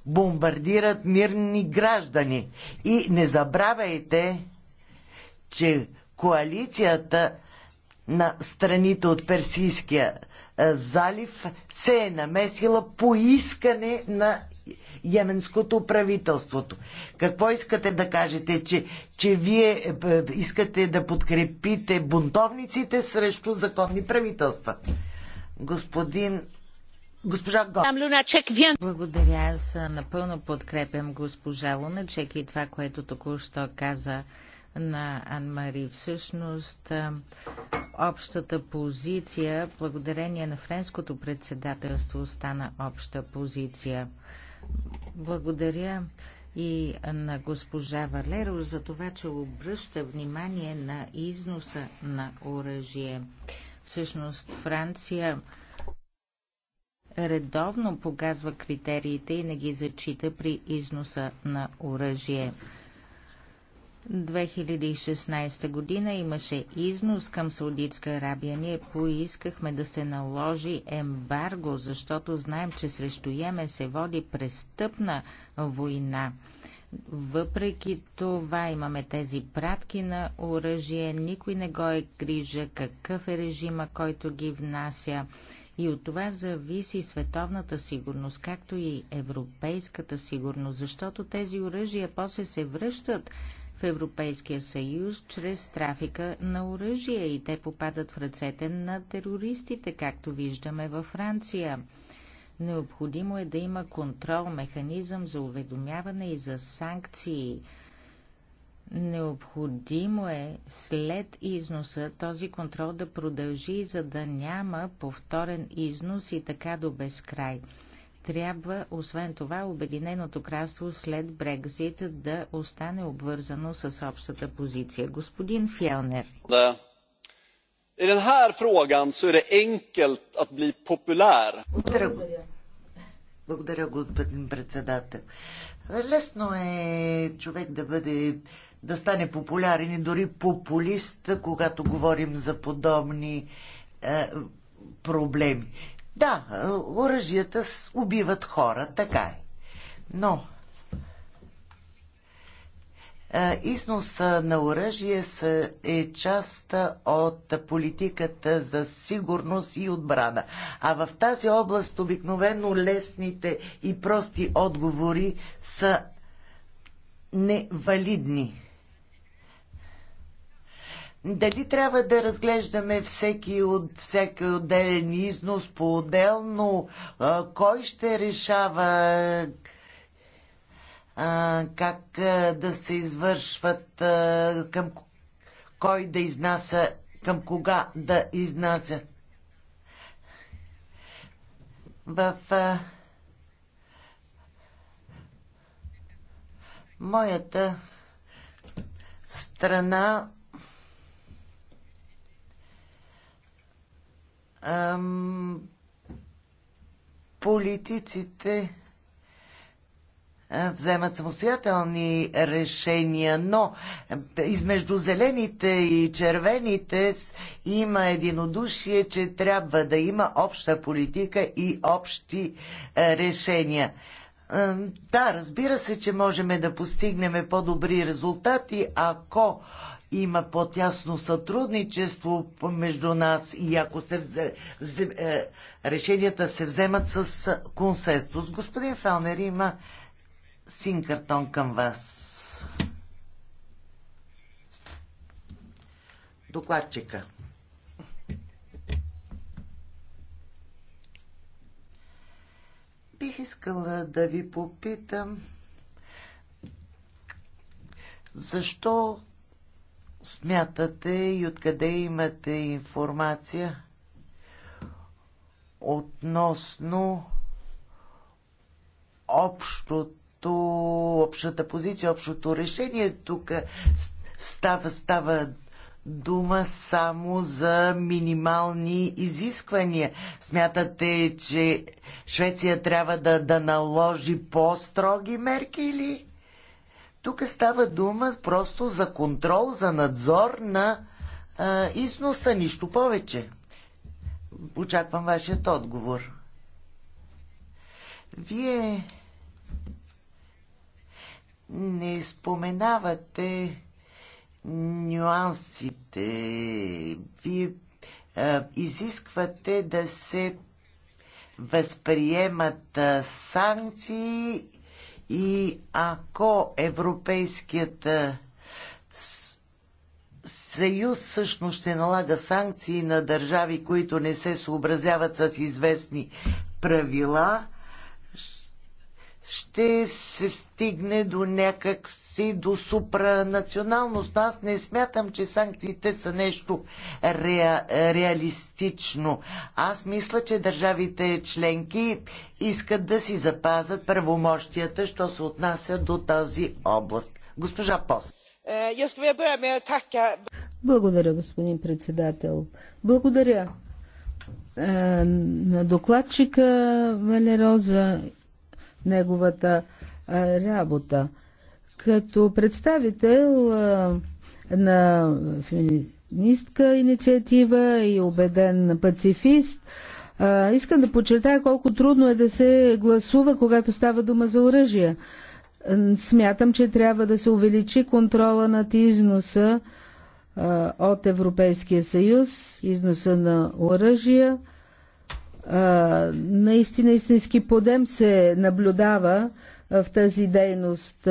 бомбардират мирни граждани. И не забравяйте, че коалицията на страните от Персийския е, залив се е намесила по искане на Йеменското правителството. Какво искате да кажете? Че, че вие е, искате да подкрепите бунтовниците срещу законни правителства? Господин Госпожа Го. Благодаря, аз напълно подкрепям госпожа Луначек и това, което току-що каза на Анмари. Всъщност, общата позиция, благодарение на френското председателство, стана обща позиция. Благодаря и на госпожа Валеро за това, че обръща внимание на износа на оръжие. Всъщност Франция редовно погазва критериите и не ги зачита при износа на оръжие. 2016 година имаше износ към Саудитска Арабия. Ние поискахме да се наложи ембарго, защото знаем, че срещу Йеме се води престъпна война. Въпреки това имаме тези пратки на оръжие, никой не го е грижа какъв е режима, който ги внася. И от това зависи световната сигурност, както и европейската сигурност, защото тези оръжия после се връщат в Европейския съюз чрез трафика на оръжие и те попадат в ръцете на терористите, както виждаме във Франция. Необходимо е да има контрол, механизъм за уведомяване и за санкции. Необходимо е след износа този контрол да продължи, за да няма повторен износ и така до безкрай. Трябва, освен това, Обединеното кралство след Брекзит да остане обвързано с общата позиция. Господин Фелнер. Да. I den här frågan så är det enkelt att bli populär. Благодаря. господин председател. Лесно е човек да бъде да стане популярен и дори популист, когато говорим за подобни е, проблеми. Да, оръжията убиват хора, така е. Но Износ на оръжие е част от политиката за сигурност и отбрана. А в тази област обикновено лесните и прости отговори са невалидни. Дали трябва да разглеждаме всеки от всеки отделен износ по-отделно? Кой ще решава как да се извършват, към кой да изнася, към кога да изнася? В моята страна ам, политиците вземат самостоятелни решения, но измежду зелените и червените има единодушие, че трябва да има обща политика и общи е, решения. Да, разбира се, че можем да постигнем по-добри резултати, ако има по-тясно сътрудничество между нас и ако се взе, взе, е, решенията се вземат с консенсус. Господин Фелнер, има син картон към вас. Докладчика. Бих искала да ви попитам защо смятате и откъде имате информация относно общото, общата позиция, общото решение. Тук става, става дума само за минимални изисквания. Смятате, че Швеция трябва да, да наложи по-строги мерки или тук става дума просто за контрол, за надзор на а, износа, нищо повече. Очаквам вашият отговор. Вие не споменавате нюансите. Вие а, изисквате да се възприемат санкции и ако Европейският съюз всъщност ще налага санкции на държави, които не се съобразяват с известни правила, ще се стигне до някак си до супранационалност. Аз не смятам, че санкциите са нещо ре, реалистично. Аз мисля, че държавите членки искат да си запазят правомощията, що се отнася до тази област. Госпожа Пост. Е, Благодаря, господин председател. Благодаря е, на докладчика Валероза неговата работа. Като представител на феминистка инициатива и убеден пацифист, искам да подчертая колко трудно е да се гласува, когато става дума за оръжие. Смятам, че трябва да се увеличи контрола над износа от Европейския съюз, износа на оръжия наистина истински подем се наблюдава в тази дейност.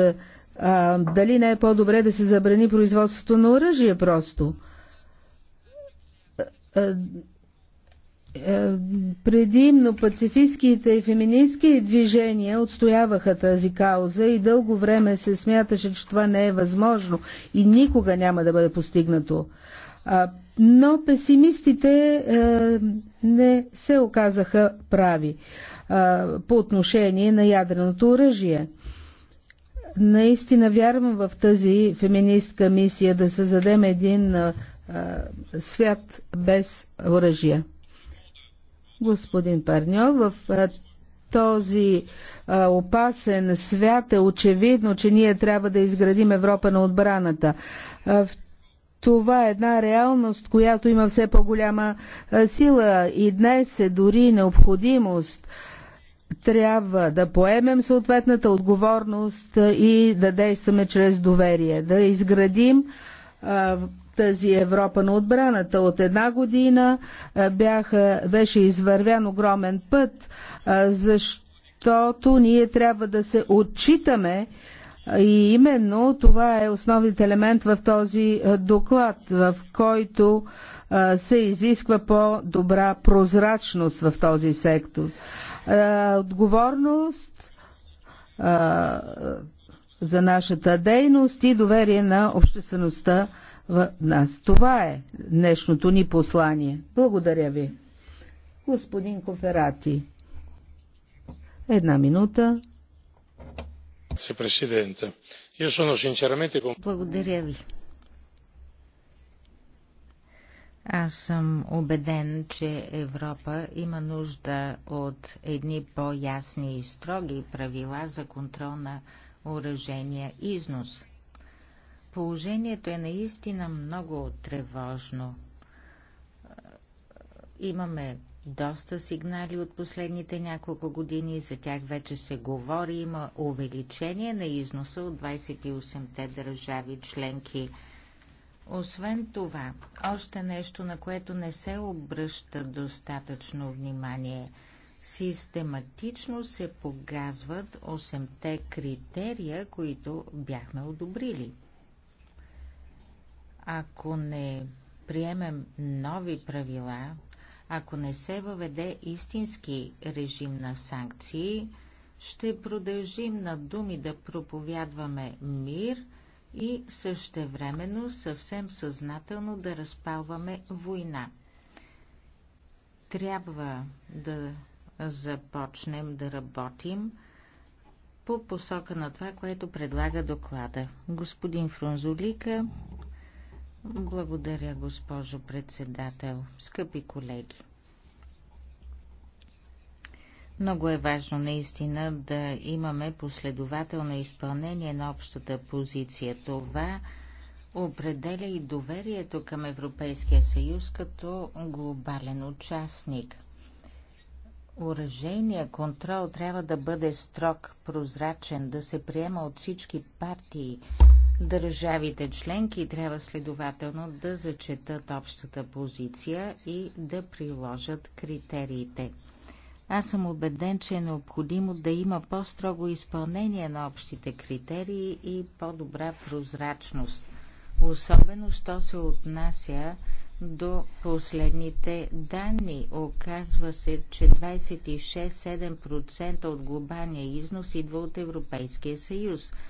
А, дали не е по-добре да се забрани производството на оръжие просто? предимно пацифистските и феминистски движения отстояваха тази кауза и дълго време се смяташе, че това не е възможно и никога няма да бъде постигнато но песимистите е, не се оказаха прави е, по отношение на ядреното оръжие. Наистина вярвам в тази феминистка мисия да създадем един е, свят без оръжие. Господин Парньо, в този а, опасен свят е очевидно, че ние трябва да изградим Европа на отбраната. А, в това е една реалност, която има все по-голяма сила и днес е дори необходимост. Трябва да поемем съответната отговорност и да действаме чрез доверие, да изградим тази Европа на отбраната. От една година бяха, беше извървян огромен път, защото ние трябва да се отчитаме и именно това е основният елемент в този е, доклад, в който е, се изисква по-добра прозрачност в този сектор. Е, отговорност за нашата дейност и доверие на обществеността в нас. Това е днешното ни послание. Благодаря ви. Господин Коферати. Една минута. Благодаря ви. Аз съм убеден, че Европа има нужда от едни по-ясни и строги правила за контрол на оръжения износ. Положението е наистина много тревожно. Имаме доста сигнали от последните няколко години, за тях вече се говори, има увеличение на износа от 28-те държави членки. Освен това, още нещо, на което не се обръща достатъчно внимание. Систематично се погазват 8-те критерия, които бяхме одобрили. Ако не приемем нови правила, ако не се въведе истински режим на санкции, ще продължим на думи да проповядваме мир и същевременно съвсем съзнателно да разпалваме война. Трябва да започнем да работим по посока на това, което предлага доклада. Господин Фрунзолика, благодаря, госпожо председател. Скъпи колеги, много е важно наистина да имаме последователно изпълнение на общата позиция. Това определя и доверието към Европейския съюз като глобален участник. Оръжейният контрол трябва да бъде строг, прозрачен, да се приема от всички партии – Държавите членки трябва следователно да зачетат общата позиция и да приложат критериите. Аз съм убеден, че е необходимо да има по-строго изпълнение на общите критерии и по-добра прозрачност, особено що се отнася до последните данни. Оказва се, че 26-7% от глобалния износ идва от Европейския съюз –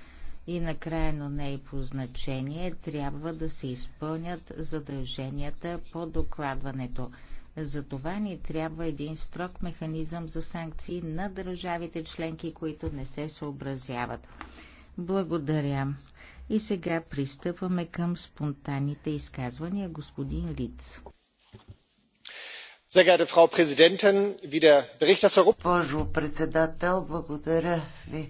и накрая, но не и по значение, трябва да се изпълнят задълженията по докладването. За това ни трябва един строг механизъм за санкции на държавите членки, които не се съобразяват. Благодаря. И сега пристъпваме към спонтанните изказвания. Господин Лиц. Госпожо председател, благодаря ви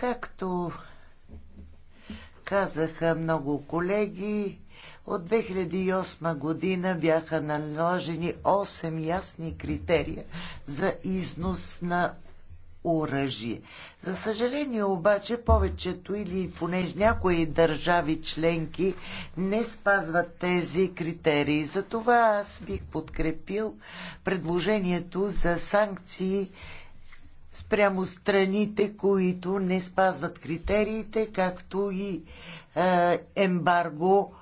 Както казаха много колеги, от 2008 година бяха наложени 8 ясни критерия за износ на оръжие. За съжаление обаче повечето или понеже някои държави членки не спазват тези критерии. Затова аз бих подкрепил предложението за санкции спрямо страните, които не спазват критериите, както и е, ембарго,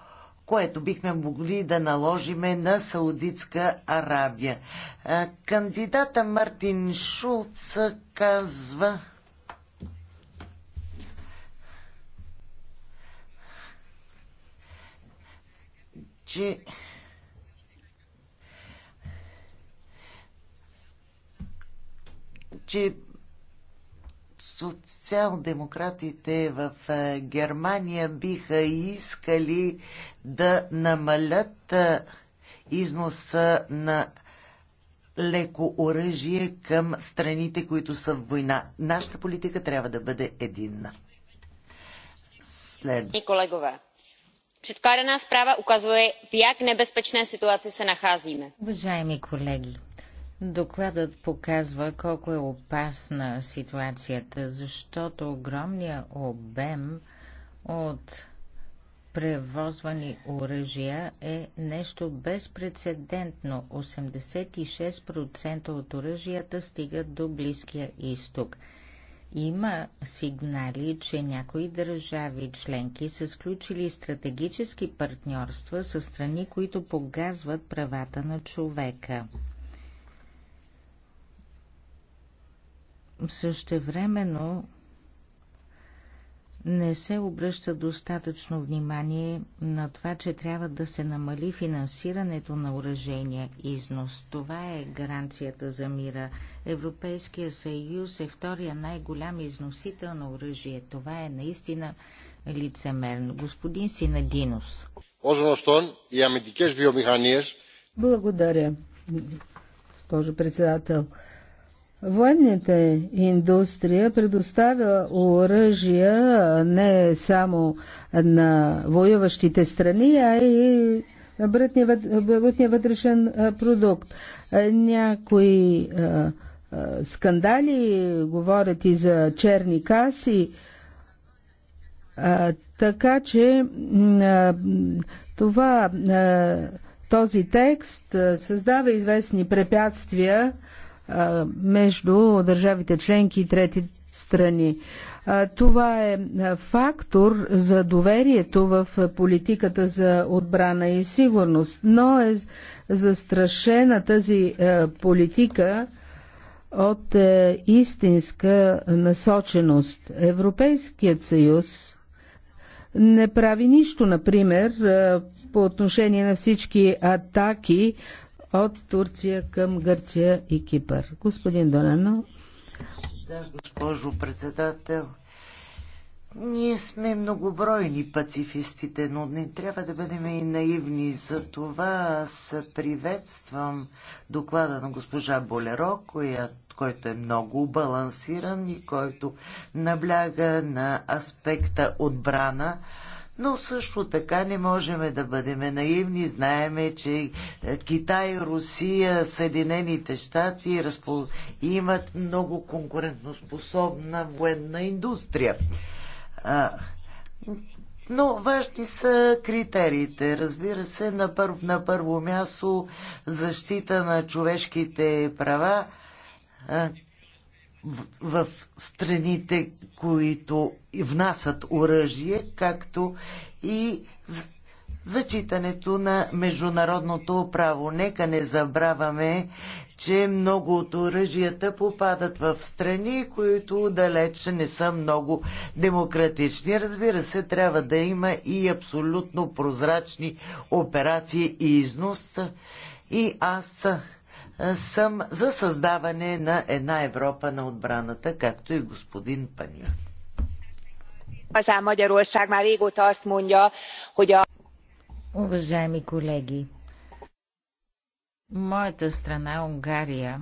което бихме могли да наложиме на Саудитска Арабия. Е, кандидата Мартин Шулц казва. че че социал-демократите в е, Германия биха искали да намалят е, износа на леко оръжие към страните, които са в война. Нашата политика трябва да бъде единна. След... И Колегове, Předkládaná zpráva ukazuje, в як небезпечна ситуация се нахазиме. Уважаеми колеги, Докладът показва колко е опасна ситуацията, защото огромният обем от превозвани оръжия е нещо безпредседентно. 86% от оръжията стигат до Близкия изток. Има сигнали, че някои държави членки са сключили стратегически партньорства с страни, които погазват правата на човека. Същевременно не се обръща достатъчно внимание на това, че трябва да се намали финансирането на уражения износ. Това е гаранцията за мира. Европейския съюз е втория най-голям износител на оръжие. Това е наистина лицемерно. Господин Синадинос. Благодаря, госпожо председател. Военната индустрия предоставя оръжия не само на воюващите страни, а и брутния вътрешен продукт. Някои скандали говорят и за черни каси, така че това, този текст създава известни препятствия между държавите членки и трети страни. Това е фактор за доверието в политиката за отбрана и сигурност, но е застрашена тази политика от е, истинска насоченост. Европейският съюз не прави нищо, например, по отношение на всички атаки от Турция към Гърция и Кипър. Господин Донано. Да, госпожо председател. Ние сме многобройни пацифистите, но не трябва да бъдем и наивни. За това аз приветствам доклада на госпожа Болеро, която който е много балансиран и който набляга на аспекта отбрана, но също така не можем да бъдем наивни. Знаеме, че е, Китай, Русия, Съединените щати имат много конкурентоспособна военна индустрия. Но важни са критериите. Разбира се, на първо, на първо място защита на човешките права, в, в страните, които внасят оръжие, както и зачитането на международното право. Нека не забравяме, че много от оръжията попадат в страни, които далеч не са много демократични. Разбира се, трябва да има и абсолютно прозрачни операции и износ. И аз е, съм за създаване на една Европа на отбраната, както и господин Паню. Уважаеми колеги, моята страна Унгария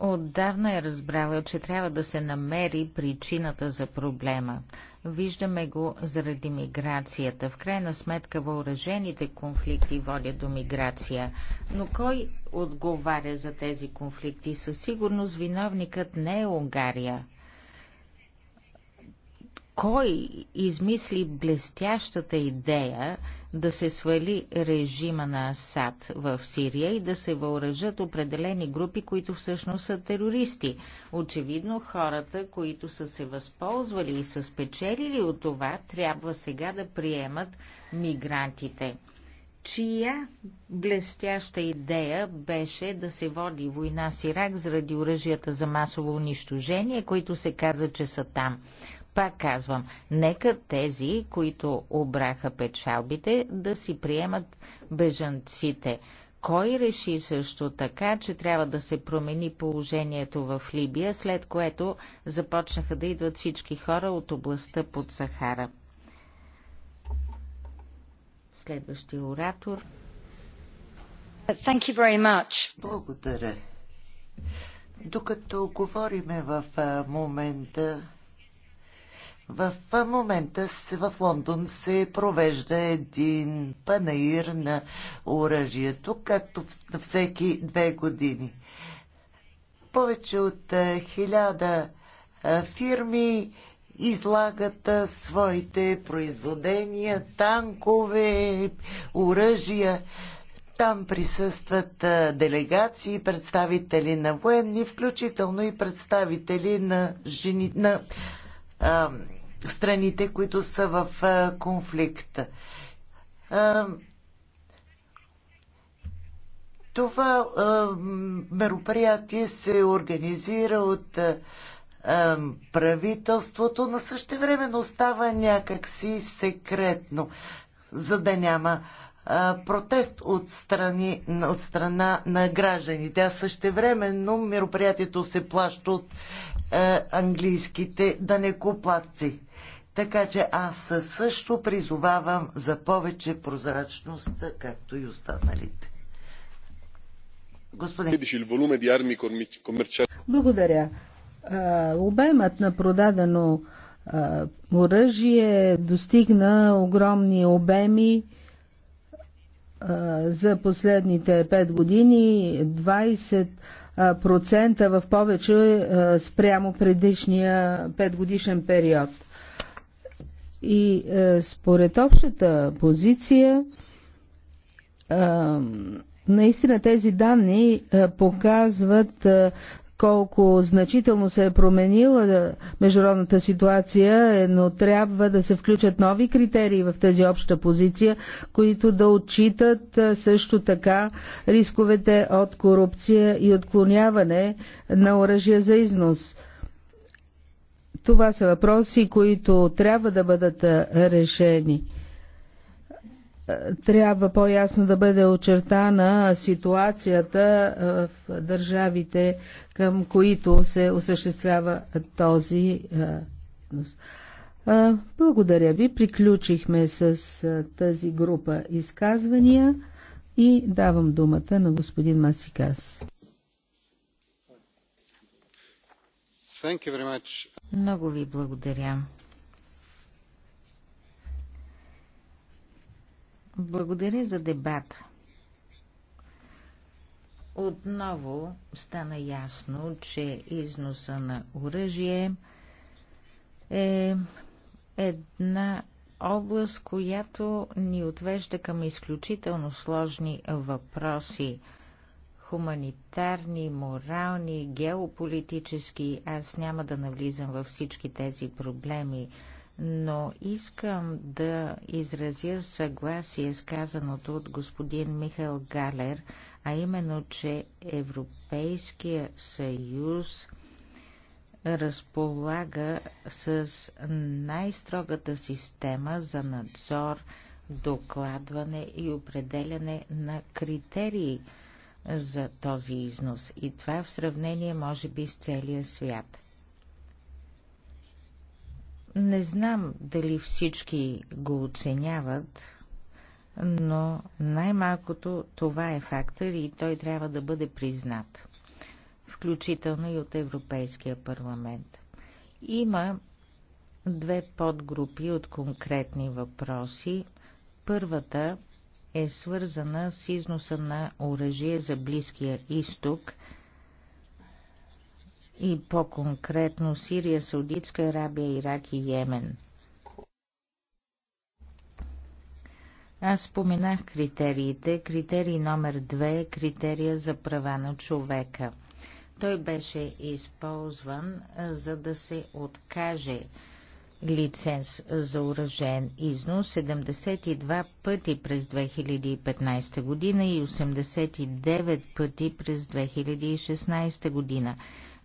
отдавна е разбрала, че трябва да се намери причината за проблема – Виждаме го заради миграцията. В крайна сметка въоръжените конфликти водят до миграция. Но кой отговаря за тези конфликти? Със сигурност виновникът не е Унгария. Кой измисли блестящата идея да се свали режима на Асад в Сирия и да се въоръжат определени групи, които всъщност са терористи. Очевидно хората, които са се възползвали и са спечелили от това, трябва сега да приемат мигрантите. Чия блестяща идея беше да се води война с Ирак заради оръжията за масово унищожение, които се каза, че са там? Пак казвам, нека тези, които обраха печалбите, да си приемат бежанците. Кой реши също така, че трябва да се промени положението в Либия, след което започнаха да идват всички хора от областта под Сахара? Следващия оратор. Thank you very much. Благодаря. Докато говориме в момента в момента в Лондон се провежда един панаир на оръжието, както на всеки две години. Повече от хиляда фирми излагат своите произведения, танкове, оръжия. Там присъстват делегации, представители на военни, включително и представители на, жени, на страните, които са в конфликт. това мероприятие се организира от правителството, но също време остава някакси секретно, за да няма протест от, страни, от страна на гражданите. А същевременно мероприятието се плаща от е, английските данекоплатци. Така че аз също призовавам за повече прозрачност, както и останалите. Господин. Благодаря. Обемът на продадено оръжие достигна огромни обеми за последните 5 години 20 процента в повече спрямо предишния петгодишен период. И според общата позиция, наистина тези данни показват колко значително се е променила международната ситуация, е, но трябва да се включат нови критерии в тази обща позиция, които да отчитат също така рисковете от корупция и отклоняване на оръжия за износ. Това са въпроси, които трябва да бъдат решени трябва по-ясно да бъде очертана ситуацията е, в държавите, към които се осъществява този е, износ. Е, благодаря ви. Приключихме с тази група изказвания и давам думата на господин Масикас. Много ви благодаря. Благодаря за дебата. Отново стана ясно, че износа на оръжие е една област, която ни отвежда към изключително сложни въпроси хуманитарни, морални, геополитически. Аз няма да навлизам във всички тези проблеми но искам да изразя съгласие с казаното от господин Михаил Галер, а именно, че Европейския съюз разполага с най-строгата система за надзор, докладване и определяне на критерии за този износ. И това в сравнение може би с целия свят – не знам дали всички го оценяват, но най-малкото това е фактор и той трябва да бъде признат, включително и от Европейския парламент. Има две подгрупи от конкретни въпроси. Първата е свързана с износа на оръжие за Близкия изток – и по-конкретно Сирия, Саудитска Арабия, Ирак и Йемен. Аз споменах критериите. Критерий номер две е критерия за права на човека. Той беше използван за да се откаже лиценз за уражен износ 72 пъти през 2015 година и 89 пъти през 2016 година.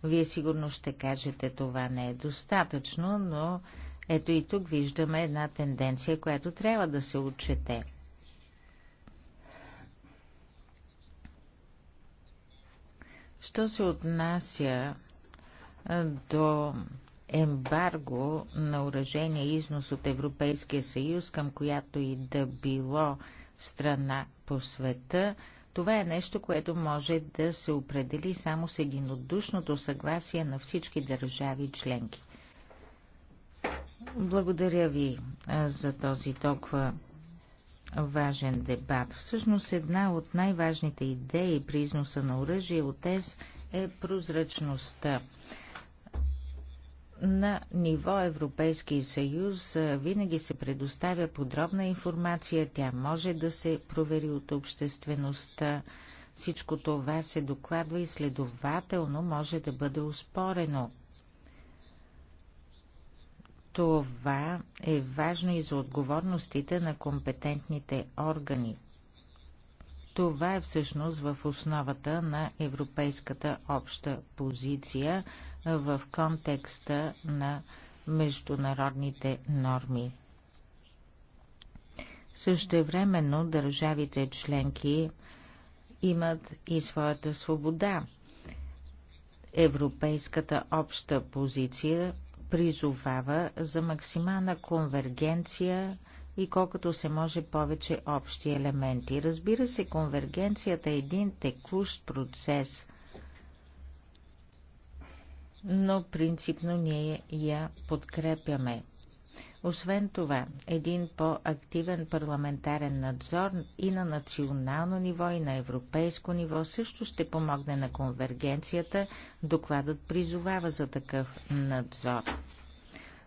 Вие сигурно ще кажете, това не е достатъчно, но ето и тук виждаме една тенденция, която трябва да се отчете. Що се отнася до ембарго на и износ от Европейския съюз към която и да било страна по света, това е нещо, което може да се определи само с единодушното съгласие на всички държави членки. Благодаря ви за този толкова важен дебат. Всъщност една от най-важните идеи при износа на оръжие от ЕС е прозрачността на ниво Европейски съюз винаги се предоставя подробна информация, тя може да се провери от обществеността. Всичко това се докладва и следователно може да бъде успорено. Това е важно и за отговорностите на компетентните органи. Това е всъщност в основата на европейската обща позиция – в контекста на международните норми. Същевременно държавите членки имат и своята свобода. Европейската обща позиция призовава за максимална конвергенция и колкото се може повече общи елементи. Разбира се, конвергенцията е един текущ процес но принципно ние я подкрепяме. Освен това, един по-активен парламентарен надзор и на национално ниво, и на европейско ниво също ще помогне на конвергенцията. Докладът призовава за такъв надзор.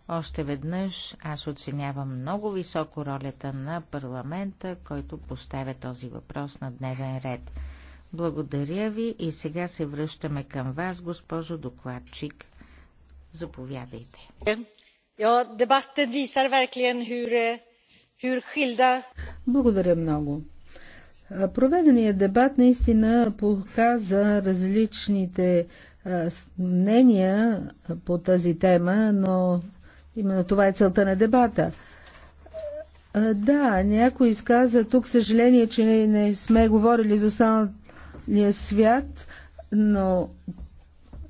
Още веднъж аз оценявам много високо ролята на парламента, който поставя този въпрос на дневен ред. Благодаря ви и сега се връщаме към вас, госпожо докладчик. Заповядайте. Благодаря много. Проведеният дебат наистина показа различните мнения по тази тема, но именно това е целта на дебата. Да, някой изказа тук съжаление, че не, не сме говорили за останалата свят, но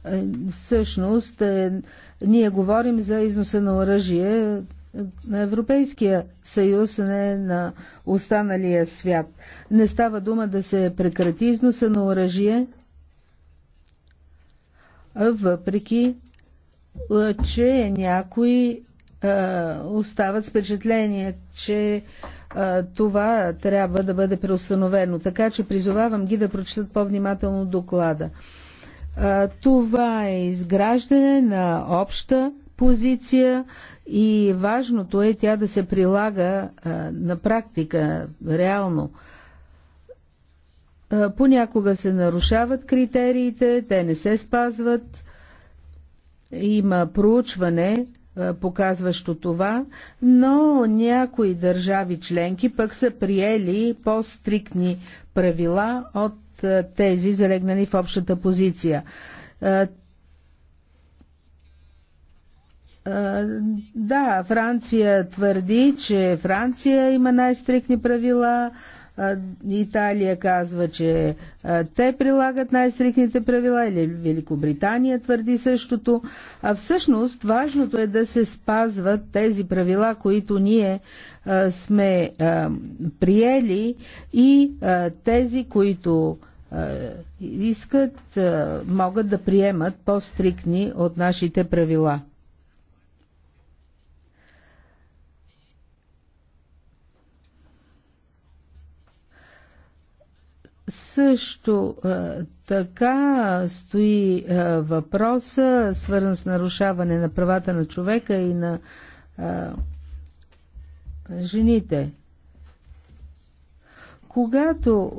е, всъщност е, ние говорим за износа на оръжие на Европейския съюз, не на останалия свят. Не става дума да се прекрати износа на оръжие, въпреки е, че някои остават с впечатление, че това трябва да бъде преустановено. Така че призовавам ги да прочитат по-внимателно доклада. Това е изграждане на обща позиция и важното е тя да се прилага на практика, реално. Понякога се нарушават критериите, те не се спазват. Има проучване, е, показващо това, но някои държави членки пък са приели по-стриктни правила от е, тези залегнали в общата позиция. Е, да, Франция твърди, че Франция има най-стрикни правила, Италия казва, че те прилагат най-стрикните правила или Великобритания твърди същото. А всъщност важното е да се спазват тези правила, които ние сме приели и тези, които искат, могат да приемат по-стрикни от нашите правила. Също така стои въпроса, свързан с нарушаване на правата на човека и на жените. Когато